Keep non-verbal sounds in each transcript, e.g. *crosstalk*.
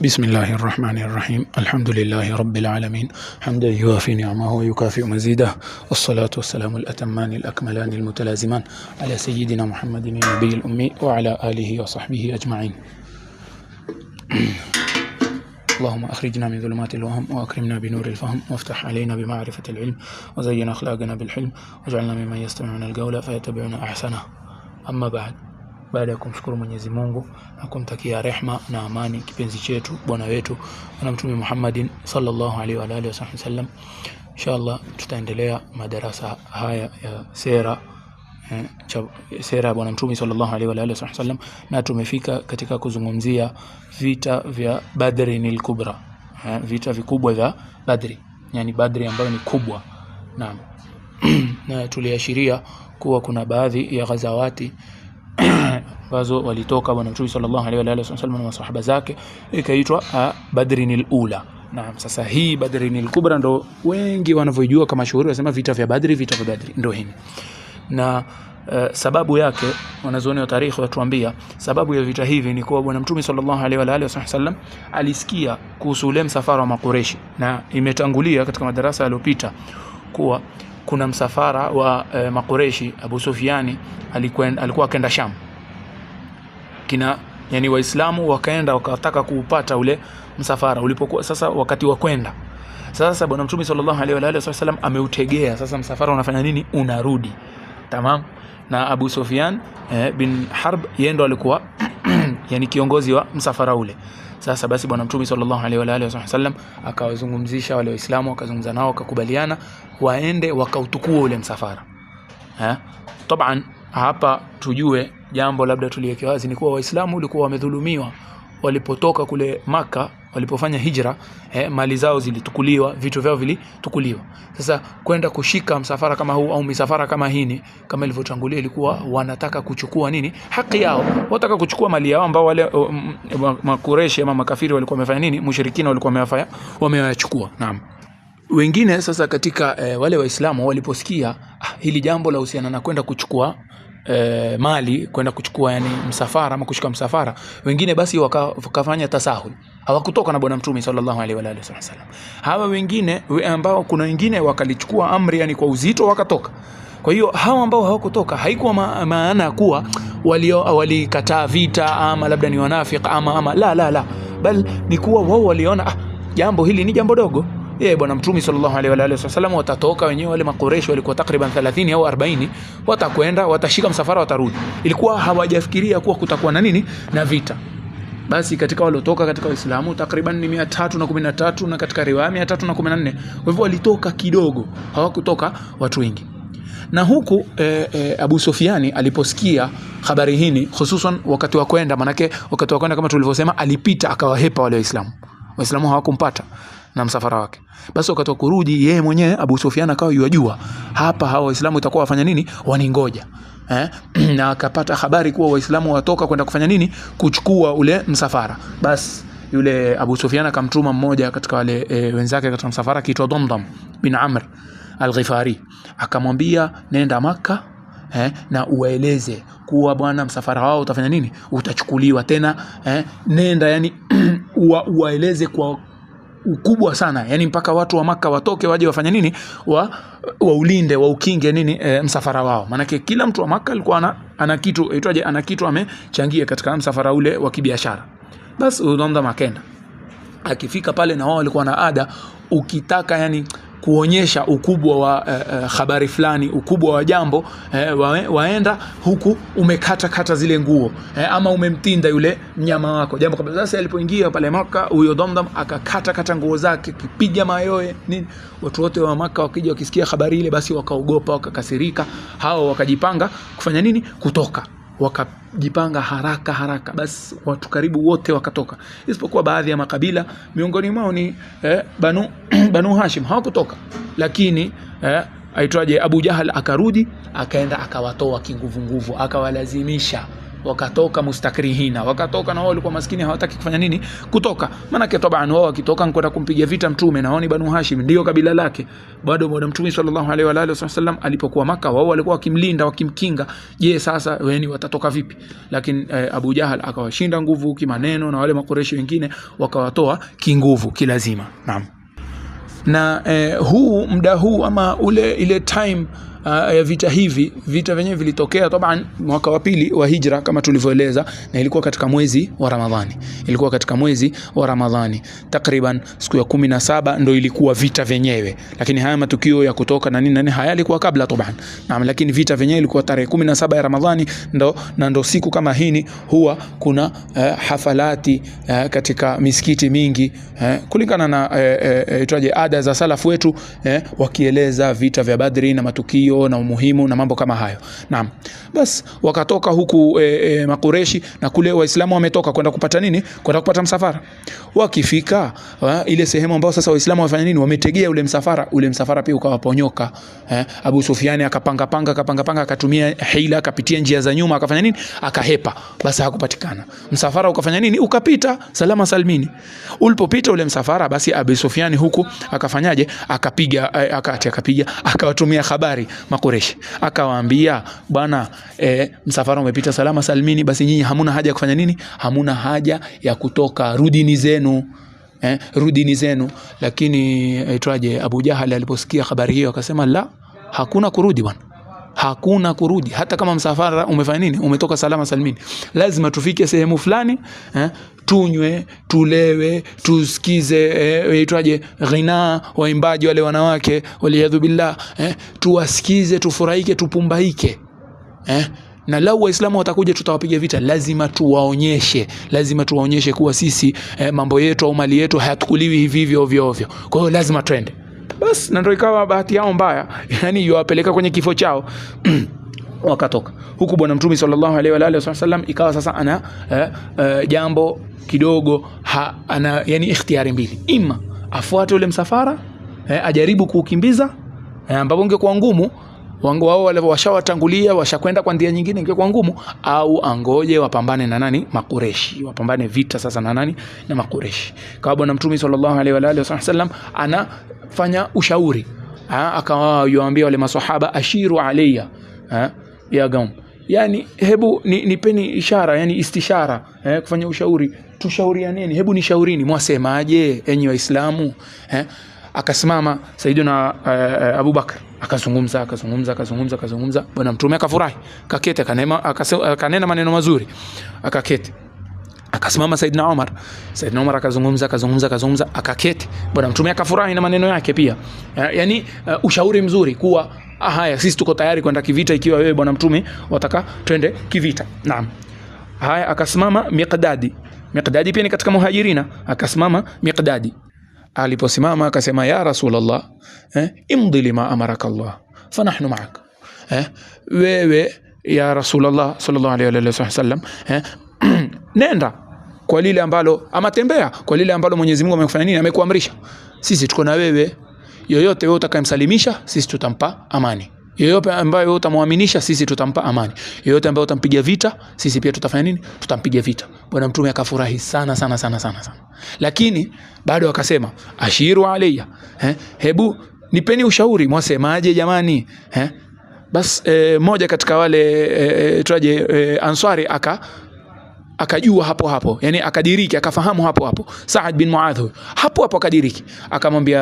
بسم الله الرحمن الرحيم الحمد لله رب العالمين حمدا يوافي نعمه ويكافئ مزيده والصلاة والسلام الأتمان الأكملان المتلازمان على سيدنا محمد النبي الأمي وعلى آله وصحبه أجمعين اللهم أخرجنا من ظلمات الوهم وأكرمنا بنور الفهم وافتح علينا بمعرفة العلم وزين أخلاقنا بالحلم واجعلنا ممن يستمعون القول فيتبعون أحسنه أما بعد baada ya kumshukuru Mwenyezi Mungu na kumtakia rehma na amani kipenzi chetu bwana wetu na Mtume Muhammadin sallallahu alaihi wa alihi wasallam. Inshallah tutaendelea madarasa haya ya sera eh, sera ya bwana Mtume sallallahu alaihi wa alihi wasallam, na tumefika katika kuzungumzia vita vya Badri al-Kubra eh, vita vikubwa vya Badri, yani Badri ambayo ni kubwa. Naam. *clears throat* na tuliashiria kuwa kuna baadhi ya ghazawati ambazo *clears throat* walitoka bwana mtume sallallahu alaihi wa alihi wasallam na masahaba zake, ikaitwa al ah, Ula. Naam, sasa hii al Kubra ndo wengi wanavyojua kama shuhuri, wasema vita vya Badri, vita vya Badri ndo hivi. na Uh, sababu yake wanazuoni wa tarikhi watuambia sababu ya vita hivi ni kuwa bwana mtume sallallahu alaihi wa alihi wasallam alisikia kuhusu ule msafara wa Makureshi, na imetangulia katika madarasa yaliyopita kuwa kuna msafara wa e, eh, Makureshi. Abu Sufiani alikuwa alikuwa akenda Sham kina yani Waislamu wakaenda wakataka kuupata ule msafara ulipokuwa sasa wakati wa kwenda sasa Bwana Mtume sallallahu alaihi wa alihi wasallam ameutegea sasa msafara unafanya nini? Unarudi. Tamam. Na Abu Sufyan e, bin Harb yeye ndo alikuwa yani kiongozi wa msafara ule sasa basi bwana mtume sallallahu alaihi wa alihi wasallam akawazungumzisha wale waislamu akazungumza nao akakubaliana waende wakautukua ule msafara eh taban hapa tujue jambo labda tuliweke wazi ni kuwa waislamu walikuwa wamedhulumiwa walipotoka kule maka walipofanya hijra eh, mali zao zilitukuliwa vitu vyao vilitukuliwa sasa kwenda kushika msafara kama huu au misafara kama hii kama ilivyotangulia ilikuwa wanataka kuchukua nini haki yao wanataka kuchukua mali yao ambao wale makureshi ama makafiri walikuwa wamefanya nini mushirikina walikuwa wamewachukua naam wengine sasa katika eh, wale waislamu waliposikia ah, hili jambo la husiana na kwenda kuchukua e, mali kwenda kuchukua yani msafara ama kushika msafara wengine basi waka, wakafanya tasahul hawakutoka na bwana mtume sallallahu alaihi wa alihi wasallam hawa wengine we ambao kuna wengine wakalichukua amri yani kwa uzito wakatoka kwa hiyo hawa ambao hawakutoka haikuwa ma, maana kuwa walikataa vita ama labda ni wanafiki ama ama la la la bal ni kuwa wao waliona ah, jambo hili ni jambo dogo yeye bwana mtume sallallahu alaihi wa alihi wasallam watatoka wenyewe wale makoreshi walikuwa takriban 30 au 40 watakwenda watashika msafara watarudi ilikuwa hawajafikiria kuwa kutakuwa na nini na vita basi katika waliotoka katika Uislamu takriban ni 313 na na katika riwaya 314 na kwa hivyo walitoka kidogo hawakutoka watu wengi na huku e, e, Abu Sofiani aliposikia habari hini hususan wakati wa kwenda manake wakati wa kwenda kama tulivyosema alipita akawahepa wale waislamu waislamu hawakumpata na msafara wake. Basi wakati wa kurudi yeye mwenyewe Abu Sufyan akawa yajua hapa hao Waislamu itakuwa wafanya nini, waningoja eh? *clears throat* na akapata habari kuwa Waislamu watoka kwenda kufanya nini, kuchukua ule msafara. Basi yule Abu Sufyan akamtuma mmoja katika wale e, wenzake katika msafara akiitwa Damdam bin Amr al-Ghifari, akamwambia nenda Makka eh, na uwaeleze kuwa bwana msafara wao utafanya nini, utachukuliwa tena eh, nenda yani *clears throat* uwaeleze kwa ukubwa sana yani mpaka watu wa maka watoke waje wafanye nini wa waulinde waukinge nini e, msafara wao maanake kila mtu wa maka alikuwa ana, ana kitu aitwaje ana kitu amechangia katika msafara ule wa kibiashara basi udhamdham makenda akifika pale na wao walikuwa na ada ukitaka yani kuonyesha ukubwa wa eh, uh, habari fulani, ukubwa wa jambo eh, wa, waenda huku umekata kata zile nguo eh, ama umemtinda yule mnyama wako jambo kabla. Sasa alipoingia pale Maka huyo Dhamdham akakata kata nguo zake, kipiga mayoe nini. Watu wote wa Maka wakija wakisikia habari ile, basi wakaogopa, wakakasirika, hao wakajipanga kufanya nini? Kutoka wakajipanga haraka haraka, basi watu karibu wote wakatoka, isipokuwa baadhi ya makabila, miongoni mwao ni eh, Banu *clears throat* Banu Hashim hawakutoka, lakini eh, aitwaje Abu Jahal akarudi akaenda akawatoa kinguvu nguvu, akawalazimisha wakatoka mustakrihina, wakatoka na wao walikuwa maskini, hawataki kufanya nini? Kutoka. Maana Maanake tabaan wao wakitoka nkwenda kumpiga vita Mtume, naoni Banu Hashim, ndio kabila lake. Bado bwana Mtume sallallahu alaihi wa alihi wasallam alipokuwa Maka, wao walikuwa wakimlinda, wakimkinga. Je, sasa weni watatoka vipi? Lakini eh, Abu Jahal akawashinda nguvu kimaneno, na wale makureshi wengine wakawatoa kinguvu kilazima. Naam na eh, huu muda huu ama ule ile time Ah, ya vita hivi. Vita vyenyewe vilitokea taban mwaka wa pili wa hijra kama tulivyoeleza, na ilikuwa katika mwezi wa Ramadhani, ilikuwa katika mwezi wa Ramadhani takriban siku ya kumi na saba ndio ilikuwa vita vyenyewe, lakini haya matukio ya kutoka na nini na nini hayalikuwa kabla taban. Naam, lakini vita vyenyewe ilikuwa tarehe kumi na saba ya Ramadhani ndo, na ndo siku kama hini huwa kuna uh, hafalati uh, katika misikiti mingi uh, kulingana na uh, uh, itwaje ada za salafu wetu uh, wakieleza vita vya Badri na matukio hiyo na umuhimu na mambo kama hayo. Naam. Bas wakatoka huku e, e, Makureshi na kule Waislamu wametoka kwenda kupata nini? Kwenda kupata msafara. Wakifika wa, ile sehemu ambayo sasa Waislamu wafanya nini? Wametegea ule msafara, ule msafara pia ukawaponyoka. Eh, Abu sufiani akapanga panga akapanga panga akatumia hila akapitia njia za nyuma akafanya nini? Akahepa. Basi hakupatikana. Msafara ukafanya nini? Ukapita salama salmini. Ulipopita ule msafara basi Abu sufiani huku akafanyaje? Akapiga eh, akati akapiga akawatumia habari makureshi akawaambia bwana, e, msafara umepita salama salimini, basi nyinyi hamuna haja ya kufanya nini? Hamuna haja ya kutoka, rudini zenu. Eh, rudini zenu. Lakini aitwaje, eh, Abu jahali aliposikia habari hiyo akasema, la, hakuna kurudi bwana hakuna kurudi, hata kama msafara umefanya nini, umetoka salama salmini lazima tufike sehemu fulani eh, tunywe, tulewe, tusikize eh, itwaje ghina, waimbaji wale wanawake, waliyadhu billah eh, tuwasikize, tufurahike, tupumbaike eh na lau Waislamu watakuja tutawapiga vita, lazima tuwaonyeshe, lazima tuwaonyeshe kuwa sisi eh, mambo yetu au mali yetu hayatukuliwi hivi hivyo ovyo ovyo. Kwa hiyo lazima twende basi, na ndio ikawa bahati yao mbaya, *laughs* yani yuwapeleka kwenye kifo chao *clears throat* wakatoka huku bwana mtume sallallahu alaihi wa alihi wasallam ikawa sasa ana eh, eh, jambo kidogo ha, ana yani ikhtiari mbili ima afuate ule msafara eh, ajaribu kuukimbiza eh, ambapo ungekuwa ngumu wangu wao wale washawatangulia washakwenda kwa ndia nyingine, ingekuwa ngumu, au angoje wapambane na nani? Makureshi wapambane vita sasa na nani? Na Makureshi. Kwa bwana mtume sallallahu alaihi wa alihi wasallam anafanya ushauri, ah, akawa yuambia wale maswahaba ashiru alayya ha? Ah, ya gaum yani hebu ni, nipeni ishara yani istishara eh, kufanya ushauri tushaurianeni hebu nishaurini mwasemaje enyi waislamu eh? akasimama saidina uh, eh, eh, abubakar akazungumza akazungumza akazungumza akazungumza bwana mtume akafurahi kakete akanena maneno mazuri akakete akasimama Saidna omar Saidna omar akazungumza akazungumza akazungumza, akaketi. Bwana Mtume akafurahi na maneno yake pia, yaani uh, ushauri mzuri kuwa ah, haya sisi tuko tayari kwenda kivita ikiwa wewe Bwana Mtume wataka twende kivita. Naam, haya akasimama Miqdadi. Miqdadi pia ni katika Muhajirina, akasimama Miqdadi. Aliposimama akasema ya Rasulullah, eh, imdi lima amaraka Allah fanahnu maak. Eh, wewe ya Rasulullah sallallahu alaihi wa sallam eh, *clears throat* nenda kwa lile ambalo ama tembea kwa lile ambalo Mwenyezi Mungu amekufanya nini, amekuamrisha. Sisi tuko na wewe, yoyote wewe utakayemsalimisha sisi tutampa amani yoyote ambayo utamwaminisha sisi tutampa amani. Yoyote ambayo utampiga vita sisi pia tutafanya nini? Tutampiga vita. Bwana Mtume akafurahi sana sana sana sana sana, lakini bado akasema ashiru alayya he, eh, hebu nipeni ushauri, mwasemaje jamani he? Eh, bas e, moja katika wale e, tuaje e, Answari aka akajua hapo hapo, yani akadiriki, akafahamu hapo hapo. Saad bin Muadh huyo hapo hapo akadiriki, akamwambia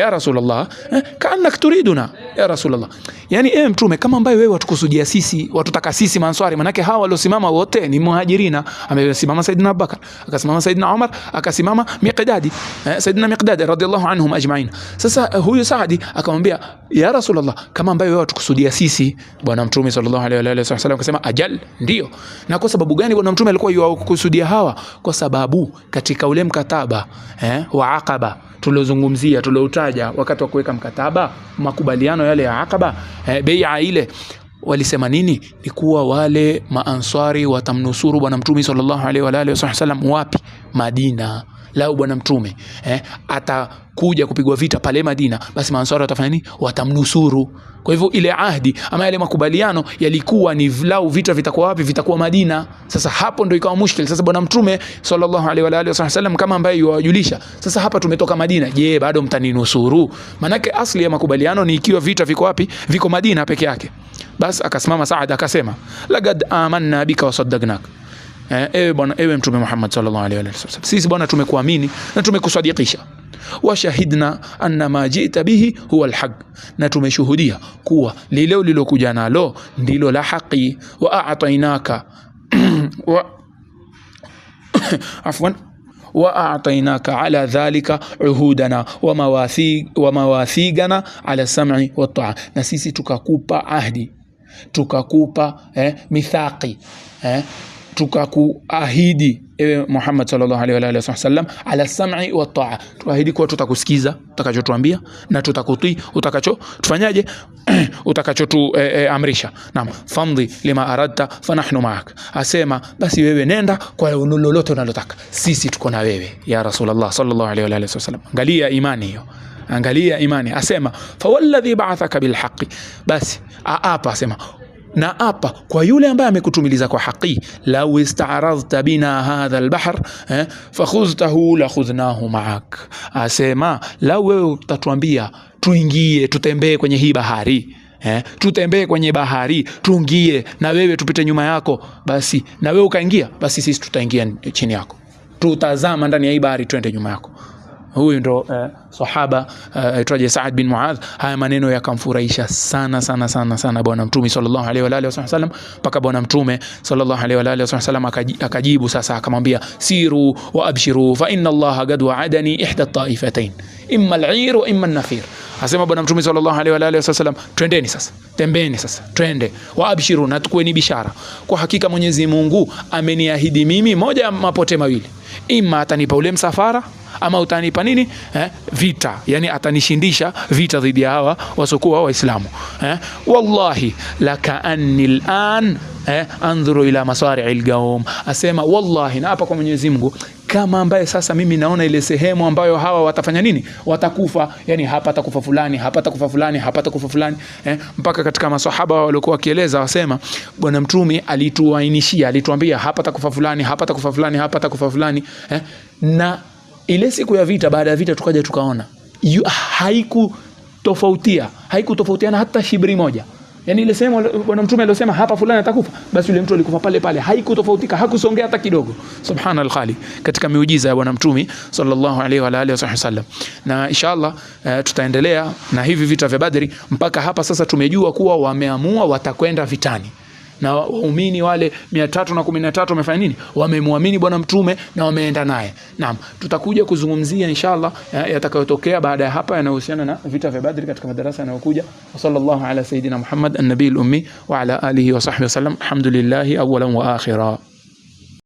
ya Rasulullah, eh, kaanak turiduna ya Rasulullah, yani eh, Mtume, kama ambaye wewe watukusudia sisi, watutaka sisi Manswari. Manake hawa waliosimama wote ni muhajirina. Amesimama Saidina Abubakar, akasimama Saidina Umar, akasimama Miqdadi, eh, Saidina Miqdadi radhiallahu anhum ajmain. Sasa eh, huyu Saadi akamwambia ya Rasulullah, kama ambaye wewe watukusudia sisi, bwana Mtume sallallahu alaihi wa alihi wasallam akasema, ajal, ndio. Na kwa sababu gani bwana Mtume alikuwa kwa hiyo hawa, kwa sababu katika ule mkataba eh, wa Aqaba tuliozungumzia tulioutaja wakati wa kuweka mkataba makubaliano yale ya Aqaba eh, bai'a ile walisema nini? Ni kuwa wale maanswari watamnusuru Bwana Mtume sallallahu alaihi wa alihi wasallam. Wapi? Madina lao bwana mtume eh, atakuja kupigwa vita pale Madina, basi maansara watafanya nini? Watamnusuru. Kwa hivyo ile ahdi ama yale makubaliano yalikuwa ni lau vita vitakuwa wapi? Vitakuwa Madina. Sasa hapo ndio ikawa mushkil. Sasa bwana mtume sallallahu alaihi wa alihi wasallam kama ambaye yuwajulisha, sasa hapa tumetoka Madina, je, bado mtaninusuru? Manake asli ya makubaliano ni ikiwa vita viko wapi? Viko Madina peke yake. Basi akasimama Saad akasema, lagad amanna bika wasaddaqnak Eh, ewe bwana, ewe Mtume Muhammad sallallahu alaihi wasallam, sisi bwana tumekuamini na tumekusadikisha. Washahidna anna ma jita bihi huwa alhaq, na tumeshuhudia kuwa lile ulilokuja nalo ndilo la haki. Wa atainaka *clears throat* wa *coughs* afwan wa atainaka ala dhalika uhudana wa mawathi wa mawathigana ala sam'i wa ta'a, na sisi tukakupa ahdi tukakupa eh, mithaqi eh, tukakuahidi ewe Muhammad sallallahu alaihi wa alihi wasallam, ala sam'i wa ta'a, tuahidi kuwa tutakusikiza utakachotuambia na tutakutii utakacho tufanyaje *clears throat* utakachotuamrisha. E, e, Naam, famdhi lima aradta fanahnu ma'ak, asema basi wewe nenda kwa lolote unalotaka, sisi tuko na wewe ya Rasulullah sallallahu alaihi wa alihi wasallam. Angalia imani hiyo Angalia imani, asema fawalladhi ba'athaka bilhaqi, basi aapa asema na apa kwa yule ambaye amekutumiliza kwa haki, lau istaaradhta bina hadha albahr eh, fakhudhtahu la khudhnahu maak, asema lau wewe utatuambia tuingie tutembee kwenye hii bahari eh, tutembee kwenye bahari tuingie na wewe tupite nyuma yako, basi na wewe ukaingia, basi sisi tutaingia chini yako, tutazama ndani ya hii bahari, twende nyuma yako huyu ndo eh, sahaba eh, aitwaje eh, Saad bin Muadh. Haya maneno yakamfurahisha sana sana sana sana bwana mtume sallallahu alaihi wa alihi wasallam, mpaka bwana mtume sallallahu alaihi wa alihi wasallam akajibu sasa, akamwambia siru wa abshiru fa inna Allah qad wa'adani ihda ta'ifatain imma al-'ir wa imma an-nafir. Asema bwana mtume sallallahu alaihi wa alihi wasallam, twendeni sasa, tembeni sasa, twende wa abshiru, na tukueni bishara, kwa hakika Mwenyezi Mungu ameniahidi mimi moja mapote mawili ima atanipa ule msafara ama utanipa nini eh, vita yani atanishindisha vita dhidi ya hawa wasokuwa waislamu eh, wallahi lakaanni lan eh, andhuru ila masari'i lgaum asema wallahi na hapa kwa Mwenyezi Mungu kama ambaye sasa mimi naona ile sehemu ambayo hawa watafanya nini, watakufa. Yani hapa atakufa fulani, hapa atakufa fulani, hapa atakufa fulani eh, mpaka katika maswahaba waliokuwa wakieleza wasema, Bwana Mtume alituainishia, alituambia hapa atakufa fulani, hapa atakufa fulani, hapa atakufa fulani eh, na ile siku ya vita, baada ya vita tukaja tukaona haiku tofautia haikutofautia haikutofautiana hata shibri moja yani ile sema bwana mtume aliyosema hapa fulani atakufa basi yule mtu alikufa pale pale haikutofautika hakusongea hata kidogo subhana alkhali katika miujiza ya bwana mtume sallallahu alaihi wa alihi wasallam na inshallah uh, tutaendelea na hivi vita vya badri mpaka hapa sasa tumejua kuwa wameamua watakwenda vitani na waumini wale mia tatu na kumi na tatu wamefanya nini? Wamemwamini Bwana Mtume na wameenda naye. Naam, tutakuja kuzungumzia inshallah yatakayotokea baada ya hapa yanayohusiana na vita vya Badri katika madarasa yanayokuja. Wa sallallahu ala sayidina Muhammad an-nabiyil ummi wa ala alihi wa sahbihi wasallam. Alhamdulillahi awwalan wa akhira.